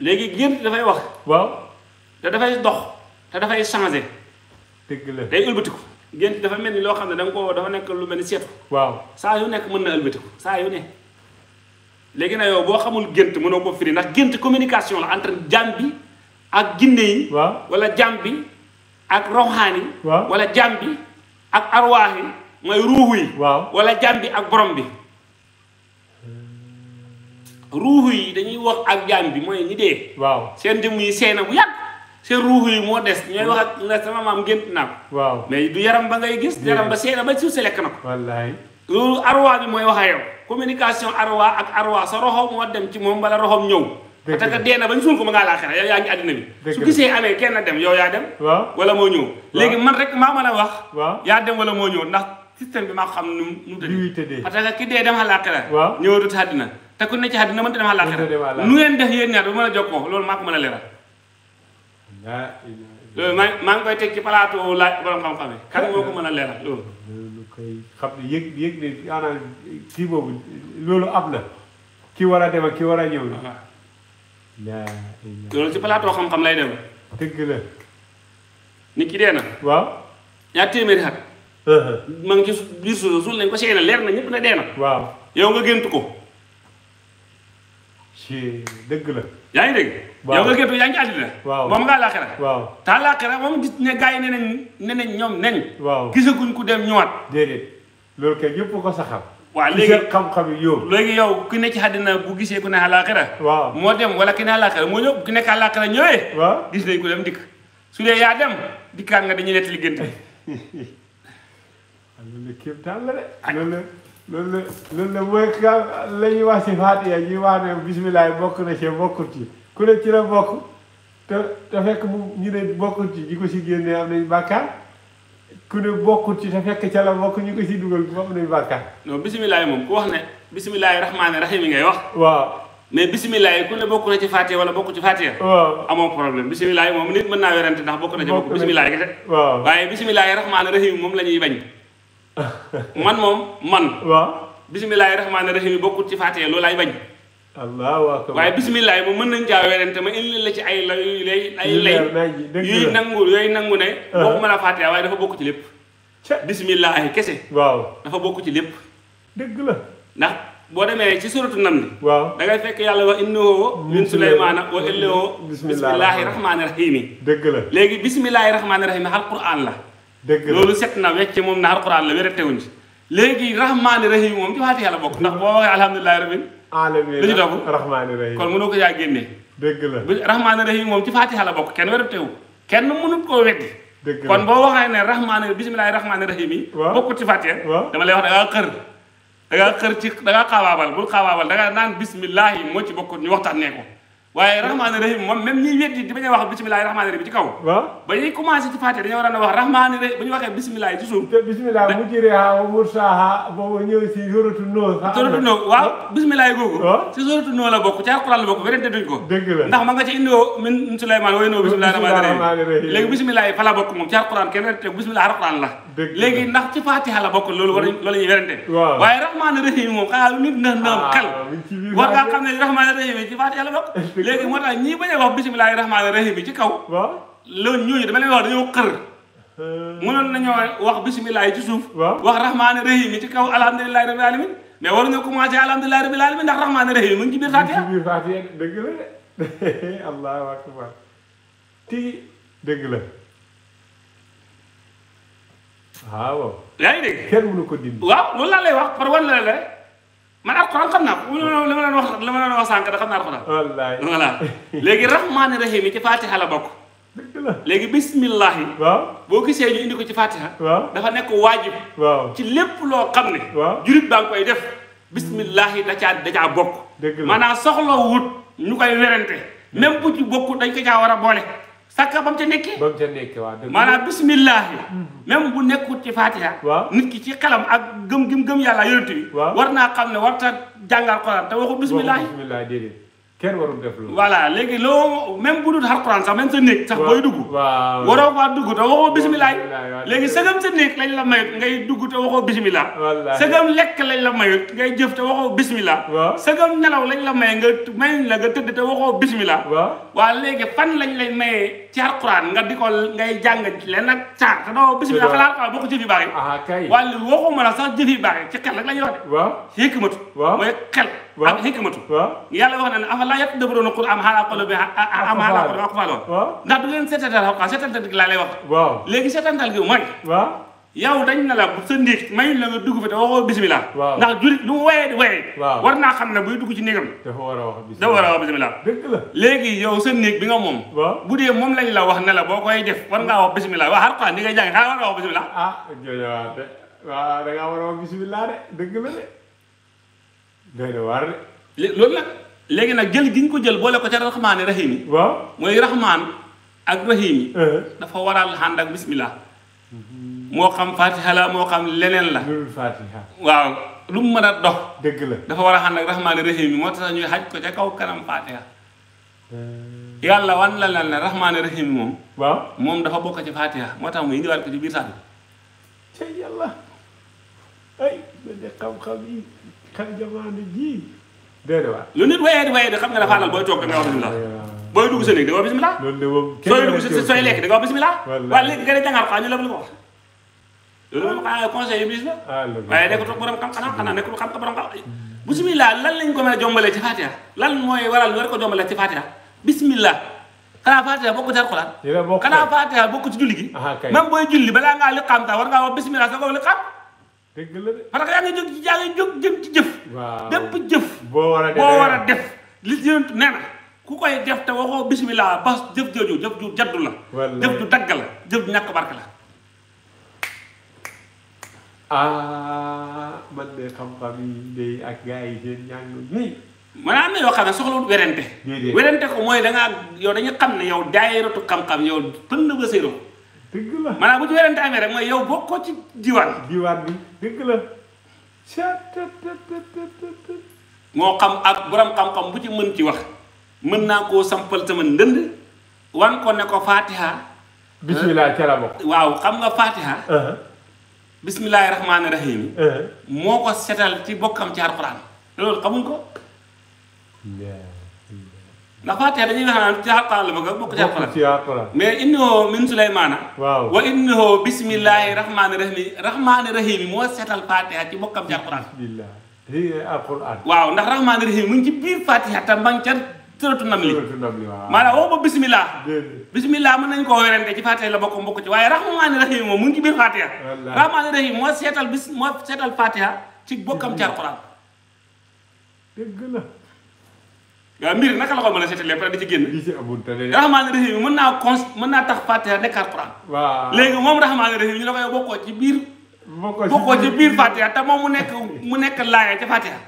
léegi gént dafay wax. waaw te dafay dox te dafay changé. dëgg la day ëlbatiku. gént dafa mel ni loo xam ne da ko dafa nekk lu mel ni seetu. waaw saa yu nekk mën na ëlbatiku saa yu ne. léegi nag yow boo xamul gént mënoo ko firi ndax gént communication la entre jaam bi ak jinne yi. waaw wala jaam bi ak roxaan yi. waaw wala bi ak arwaax yi mooy ruuxu yi. waaw wala jaam bi ak borom bi. ruuxu yi dañuy wax ak jaam bi mooy ñi dee. waaw seen jëmm yi seena bu yàgg. seen ruuxu yi moo des ñooy wax ak nga sama maam gént naa ko. waaw mais du yaram ba ngay gis. yaram ba seena ba suuf si lekk na ko. wallaay arwa bi mooy wax ak yow. communication arwa ak arwa sa roxom moo dem ci moom bala roxom ñëw. dëgg parce que dee na ba ñu suul ko ma ngaa laa na yow yaa ngi àddina bi. su gisee amee kenn dem yow yaa dem. waaw wala moo ñëw. léegi man rek maa mën a wax. waaw yaa dem wala moo ñëw ndax système bi maa xam nu mu. nu mu tëddee parce que ki dee te ku ne ci àddina mënta dem àllaaxira nu ngeen def yéen ñaar ba mën a jokkoo loolu maa ko mën loolu maa maa ngi koy teg ci plateau laaj borom ko mën a leeral loolu. loolu koy xam ne yëg yëg ne maanaam kii boobu loolu am na ki war a dem ak ki war a ñëw. loolu ci plateau xam-xam lay dem. dëgg la. nit ki dee na. waaw. ñaar téeméeri at. ma ci biir suuf su nañ ko séenal leer na ñëpp ne dee na. waaw yow nga géntu ko. ci dëgg la. yaa ngi dégg. yow nga gëpp yaa ngi àddina. waaw moom nga àllaaxira. waaw te àllaaxira moom gis ne gars yi nee nañ nee nañ ñoom nee nañ. waaw gisaguñ ku dem ñëwaat. déedéet loolu kay ñëpp ko saxal. waaw léegi xam-xam yi yow. léegi yow ku ne ci àddina bu gisee ku ne àllaaxira. waaw moo dem wala ki ne àllaaxira moo ñëw ku nekk àllaaxira ñëwee. waaw gis nañ ku dem dikk su dee yaa dem dikkaat nga dañuy nekk liggéeyante. loolu loolu la loolu la mooy ka la ñuy wax si Faatiha ñuy wax ne bisimilah bokk na ci bokkut ci ku ne ci la bokk te te fekk mu ñu ne bokkut ci ñi ko si génnee am nañ bàkkaar ku ne bokkut ci te fekk ca la bokk ñu ko si dugal bu am nañ bàkkaar. non bisimilah moom ku wax ne bisimilah rahmaani rahim ngay wax. waaw mais bisimilah ku ne bokk na ci Faatiha wala bokk ci Faatiha. waaw amoo problème bisimilah moom nit mën naa werante ndax bokk na ci bokk bisimilah kese. waaw waaye bisimilah rahmaani rahim moom la ñuy bañ. man moom man. waaw bisimilah rahmaani rahiim bokkut ci Faatiha loolu laay bañ. allahu akbar waaye bisimilah moom mën nañ caa werante ma indi la ci ay la yu lay. ay lay yuy nangu yooyu nangu ne. Ah. bokk mën a Faatiha waaye dafa bokk ci lépp. bisimilah kese. waaw dafa bokk ci lépp. dëgg la ndax. boo demee ci suratu nam ni waaw da ngay fekk yàlla wax innahu min suleymaana wa illahoo bismillahi rahmaani rahimi dëgg la léegi bismillahi rahmaani rahimi alquran la loolu set na wecce moom na alxuraan la wérante wuñ ci léegi rahmaani rahim moom ci faatiha la bokk ndax boo waxee alhamdulilahi rabbil alamin dañu topp rahmaani rahim kon mënoo ko yaa génnee moom ci faatiha la bokk kenn wérante wu kenn mënut koo weddi kon boo waxee ne rahmaani bismillahi rahmaani rahim yi bokkut ci faatiha dama lay wax da ngaa xër da ngaa xër ci da ngaa xaabaabal bul xaabaabal da ngaa naan bismillahi moo ci bokkut ñu waxtaan ne ko waaye rahmaani rahim moom même ñiy weddi di bañ a wax bisimilah rahmaani rahim ba ñuy commencé ci Faatiha dañoo war a wax rahmaani rahim bu ñu ha mursaha boobu ñëw si yoratu noo. ah yoratu noo waaw si yoratu noo la bokk ci alquran la bokk wérante duñ ko. dëgg la ndax ma nga ci indiwoo min Souleymane woy noo bisimilah rahmaani rahim léegi bisimilah yi fa la bokk moom ci alquran kenn wérante bisimilah alquran la léegi ndax ci Fatiha la bokk lool war loolu ñuy werante waaye rahmaani rahim moom xanaa lu nit na naam kal war ngaa xam ne rahmaani rahim ci Fatiha la bokk léegi moo tax ñii wax bisimilahi rahmaani rahim ci kaw loolu ñooñu dama leen wax dañoo xër euh. mënoon nañoo wax bisimilahi ci suuf wax ci kaw alhamdulilahi rabbil alamin mais waruñoo commencé alhamdulilahi rabbil alamin ndax rahmaani rahim mu ngi ci biir Fatiha biir la de allahu akbar ti dëgg la Ah, waaw yaa ngi dégg. ko dindi. waaw loolu laa lay wax par wàllu la la man alxuraan xam naa ko li ma leen wax li ma sànq da xam naa alxuraan. wallaay voilà léegi rahmaani rahim yi ci Fatiha la bokk. léegi bismillah yi. boo gisee ñu indi ko ci Fatiha. dafa nekk waajib. waaw ci lépp loo xam ne. waaw jurit baa ngi koy def. bismillah yi da caa da caa bokk. dëgg la maanaam soxla wut ñu koy werante. Hmm. même bu bokk dañ ko caa war a boole. sakka ba mu ca nekkee. ba mu ca nekkee waaw dëgg bisimilah. même bu nekkul ci Fatiha. waaw nit ki ci xelam ak gëm gim gëm yàlla yonent bi. waaw war naa xam ne war jàngal Quran te waxu bisimilah. waxu def loolu. léegi loo même bu dul Alxuraan sax même sa néeg. sax booy dugg. waaw dugg te waxoo bisimilah. léegi sa néeg lañ la mayut ngay dugg te waxoo bisimilah. wallaay lekk lañ la mayut ngay jëf te waxoo bisimilah. waaw sëgam nelaw lañ la may nga may la nga tëdd te waxoo bisimilah. waaw waaw léegi fan lañ lay mayee. ci alquran nga di ko ngay jàng leen ak caag te doo bisimilah xalaat waaw boo ko jëf yu baax yi ah, wàllu waxuma la sax jëf yu baax yi ci xel rek la ñuy wax de waaw xikmatu mooy xel ak xikmatu yàlla wax na ne afa laa yatadabbaruuna al-qur'aan am xaalaa quluubin am xaalaa quluubin aqfaaluhaa ndax du ngeen seetantal xawqaa seetantal gi laa lay wax léegi seetantal gi mooy yow dañ na la bu sa néeg may la nga dugg fi te waxoo bisimilah. ndax jurit lu wéy wéy. war naa xam ne buy dugg ci néegam. dafa war a wax bisimilah dëgg la léegi yow sa néeg bi nga moom. bu dee moom lañ la wax ne la boo koy def war ngaa wax bisimilah waa Alxuraan ni ngay jàng xanaa war a bisimilah. ah de a wax loolu nag léegi nag jël gi ñu ko jël boole ko ca raxmaani raxiim yi. waaw mooy raxmaan ak raxiim yi. Eh. dafa waral ànd ak bisimilah. Mhm. moo xam fatiha la moo xam leneen la. waaw lu mu ma a dox. dëgg la dafa war a xam nag rahmaani rahim moo tax ñuy xaj ko ca kaw kanam yàlla wan la lan ne rahmaani rahim moom. waaw moom dafa bokk ci fatiha moo tax mu indiwaat ko ci biir sax lu nit wayee di wayee di xam nga dafa àndal booy toog da nga wax bismillah. booy dugg sa néeg da wax bismillah. loolu de moom sooy dugg sa sooy lekk da wax bismillah. wallaay waaw léegi loolu xanaa conseil iblis la. Ah, waaye nekkatul borom xam-xam xanaa nekkatul xam-xam borom xam. bisimilah lan lañ ko mën a jombalee ci Fatiha lan mooy waral war ko jombalee ci Fatiha bisimilah. xanaa Fatiha bokk ci Alxuraan. yéen a bokk xanaa Fatiha bokk ci julli gi. Ah, même booy julli balaa ngaa liqaam ta war ngaa wax bisimilah soo ko liqaam. dëgg la de parce que yaa ngi jóg yaa ngi jóg jëm ci jëf. waaw bépp jëf. boo war a def boo war a def li ci yëntu nee na ku koy def te waxoo bisimilah bas jëf jooju jëf ju jaddu la. jëf ju dagg la jëf ju ñàkk barke la ah man de xam hmm. am na yoo xam ne soxlawul werante. werante ko mooy da yow dañu xam ne yow daayiratu xam-xam yow pënd ba séeru. dëgg la maanaam bu ci werante ci diwaan. diwaan bi moo xam ak boroom xam-xam bu ci mën ci wax mën naa koo sampal sama ndënd wan ko ne ko Fatiha. bisimilah ca la waaw xam nga Fatiha. Uh-huh. bismillaahi rahmaani rahiim. Eh. moo ko setal ci bokkam ci alxuraan loolu xamuñ ko. ndax Faatiha dañuy wax naan ci alxuraan la bëgg a bokk ci alxuraan. ci alxuraan mais innahu min Sulaymaana. waaw wa innahu bismillaahi rahmaani rahiim rahmaani moo setal Faatiha ci bokkam ci alxuraan. waaw ndax rahmaani rahiim mu ngi Faatiha te suratu nam li maanaam woo ba bismillah bismillah mën nañ ko werante ci fatiha la bokk mbokk ci waaye rahmaani rahim moo seetal bis moo seetal fatiha ci bokkam ci alquran dëgg la waaw mbir naka la ko mën a seetalee di ci génn mën mën naa tax fatiha nekk alquran moom rahmaani rahim ñu la koy bokkoo ci biir bokkoo ci biir fatiha te mu nekk mu nekk laaya ca fatiha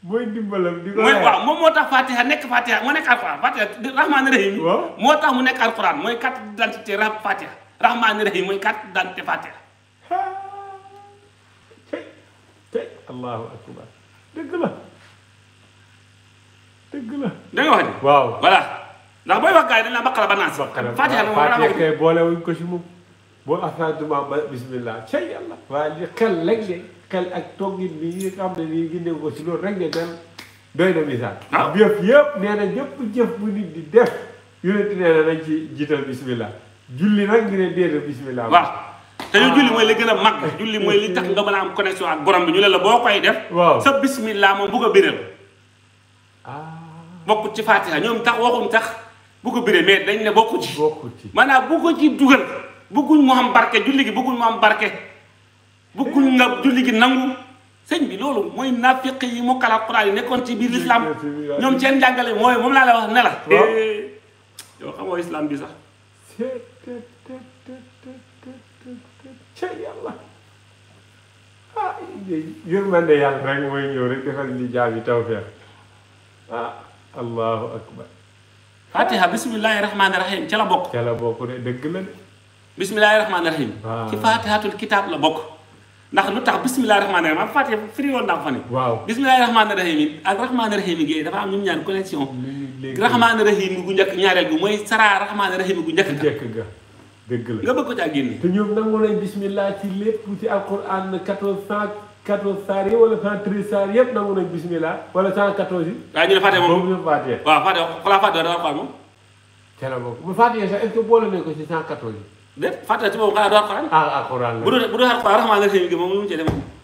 mooy dimbalam di ko mooy moo tax Fatiha nekk Fatiha moo nekk alquran Fatiha rahmaani rahim. moo tax mu nekk alquran mooy carte d' identité rab Fatiha rahmaani rahim mooy carte d' identité Fatiha. allahu akbar dëgg la dëgg la. da nga wax waaw voilà ndax booy wax gars yi dañ la baqara ba naan Fatiha la Fatiha kay boolewuñ ko si moom boo affaire bi bismillah cay yàlla. waa li xel xel ak toggin bi yi nga ne nii ko si loolu rek de dem doy na misaal. ah jëf yëpp nee na jëf bu nit di def yonent nee na nañ jiital bismillah julli nag ngi ne déedéet bismillah. waaw te ñu julli mooy li gën a mag. julli mooy li tax nga mën a am connexion ak borom bi ñu ne la boo koy def. waaw sa bismillah moom bugg a biral. Ah. bokkut ci Fatiha ñoom tax waxuñ tax bu ko biree mais dañ ne bokku ci. bokku ci maanaam bu ko ci dugal bëgguñ mu am barke julli bëgguñ nga julli gi nangu sëñ bi loolu mooy nafiq yi mu kala Quraan yi nekkoon ci biir islam ñoom seen jàngale mooy moom laa la wax ne la. Eh, yow xamoo islam bi sax. ca yàlla ah yërmande yàlla rek mooy ñëw rek defal li jaam yi tawfeex ah, allahu akbar fatiha bismillahi rahmaani rahim ca la bokk ca la bokk ndax lu tax bisimilah rahmaani rahim am fàtte firi woon naa ko fa dafa am ñu ñaan connexion. Mm, léegi rahmaani rahim gu njëkk ñaareel gu mooy saraa rahmaani rahim gu njëkk. njëkk nga bëgg ko caa génne. te ñoom nangu nañ bisimilah ci lépp ci alquran 1400. 14 saar yi wala 113 saar yëpp nangu nañu bisimilah wala 114 yi. waaw ñu ne Fatiha moom boobu ñu Fatiha. waaw Fatiha xalaat Fatiha dafa am moom. ca la bokk bu Fatiha sax est-ce que boole nañu ko ci yi. lépp fàttali ci boobu xanaa du alquran. ah alquran bu dul bu dul alquran rahmaani rahiim gi moom lu mu ci demee.